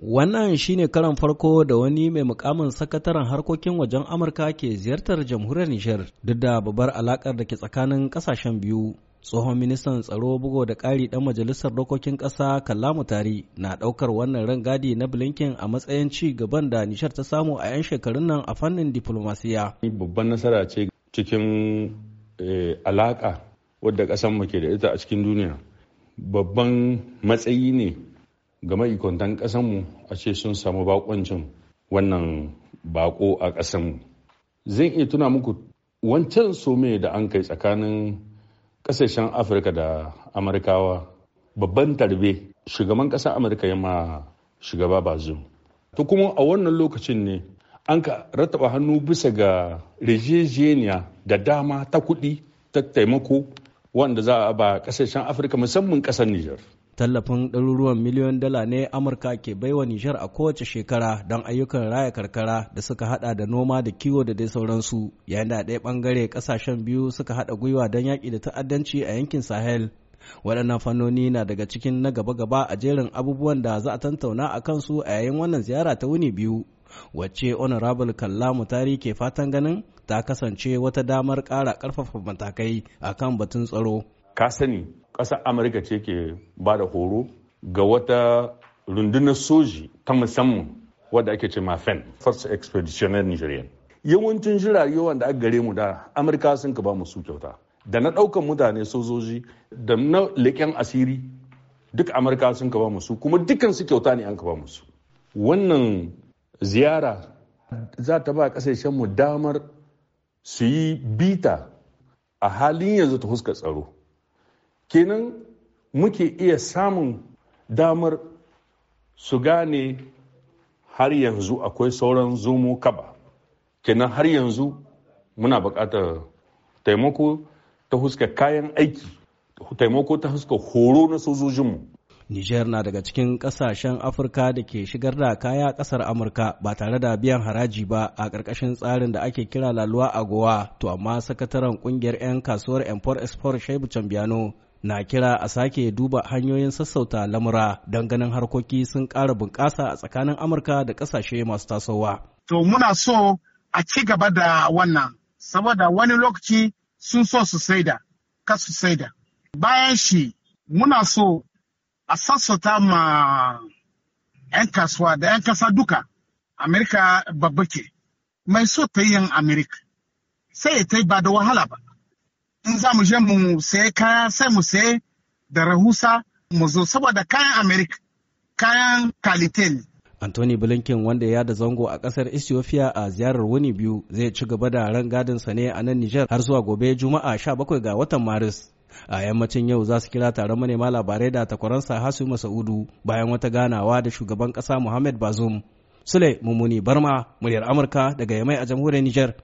Wannan shi ne karan farko da wani mai mukamin sakataren harkokin wajen Amurka ke ziyartar jamhuriyar Nijar duk da babbar alakar da ke tsakanin kasashen biyu. Tsohon ministan tsaro bugo da ƙari ɗan majalisar dokokin ƙasa Kallamu Tari na ɗaukar wannan rangadi na Blinken a matsayin ci gaban da Nijar ta samu a 'yan shekarun nan a fannin diplomasiya. Babban nasara ce cikin eh, alaƙa wadda ƙasar mu ke da ita a cikin duniya. Babban matsayi ne ga ma'aikatan ƙasanmu a ce sun samu bakoncin wannan baƙo a ƙasanmu zan iya tuna muku wancan some da an kai tsakanin ƙasashen afirka da amurkawa babban tarbe shugaban ƙasar amurka ya ma shugaba bazum to kuma a wannan lokacin ne an ka rataba hannu bisa ga rejejeniya da dama ta kuɗi ta taimako wanda za a ba kasashen afirka musamman kasar nijar tallafin ɗaruruwan miliyon dala ne amurka ke baiwa nijar a kowace shekara don ayyukan raya karkara da suka hada da noma da kiwo da dai sauransu yayin da ɗaya ɓangare ƙasashen biyu suka hada gwiwa don yaƙi da ta'addanci a yankin sahel waɗannan fannoni na daga cikin na gaba-gaba a jerin abubuwan da za a tantauna a kansu a yayin wannan ziyara ta wuni biyu wacce honorable kallamu tari ke fatan ganin ta kasance wata damar ƙara ƙarfafa matakai a kan batun tsaro. Ka sani ƙasar Amurka ce ke ba da horo ga wata rundunar soji ta musamman wadda ake ce mafen First Expeditionary Nigerian. Yawancin jirage wanda aka gare mu da Amurka sun ka ba mu su kyauta. Da na ɗaukan mutane sojoji da na leƙen asiri duk Amurka sun ka ba mu su kuma dukkan su kyauta ne an ka ba mu su. Wannan ziyara za ta ba mu damar su yi bita a halin yanzu ta huskar tsaro kenan muke iya samun damar su gane har yanzu akwai sauran zomo kaba kenan har yanzu muna buƙatar taimako ta huska kayan aiki taimako ta huska horo na sojojinmu Nijar na daga cikin kasashen Afirka da ke shigar da kaya kasar Amurka ba tare da biyan haraji ba a ƙarƙashin tsarin da ake kira laluwa a gowa to amma sakataren ƙungiyar 'yan kasuwar Empor Export Shaibu Cambiano na kira a sake duba hanyoyin sassauta lamura don ganin harkoki sun ƙara bunƙasa a tsakanin Amurka da ƙasashe masu tasowa. To muna so a ci gaba da wannan saboda wani lokaci sun so su saida, ka su saida. Bayan shi muna so a sassauta ma 'yan kasuwa da 'yan kasa duka amerika babba ke mai so ta yin amerika sai ta ba da wahala ba in za mu je mu sai kaya sai mu sai da rahusa mu zo saboda kayan amerika kayan kalitel Antony Anthony Blinken wanda ya da zango a kasar Ethiopia a ziyarar wuni biyu zai ci gaba da ran gadinsa ne a nan Nijar har zuwa gobe Juma'a 17 ga watan Maris. a yammacin yau za su kira taron manema labarai da takwaransa hasu masaudu bayan wata ganawa da shugaban ƙasa muhammad bazum sule mummuni barma muryar amurka daga yamai a jamhuriyar niger